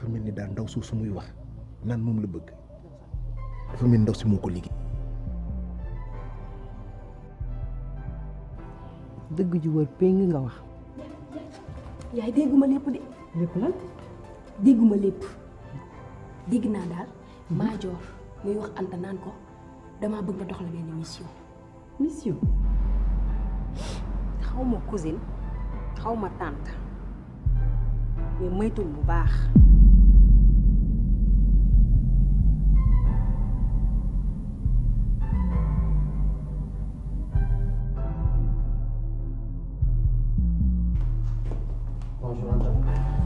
dafa melni da ndaw suuf muy wax nan mom la bëgg dafa melni ndaw si moko ko liggéey. dëgg ju wër péng nga wax. yaay dégguma lepp de. lepp lan. dégguma lépp dégg dal ma jor muy wax Anta nan ko dama bëgg nga doxal la mission. mission xawma cousine xawma tante mais moytul bu baax. 面白か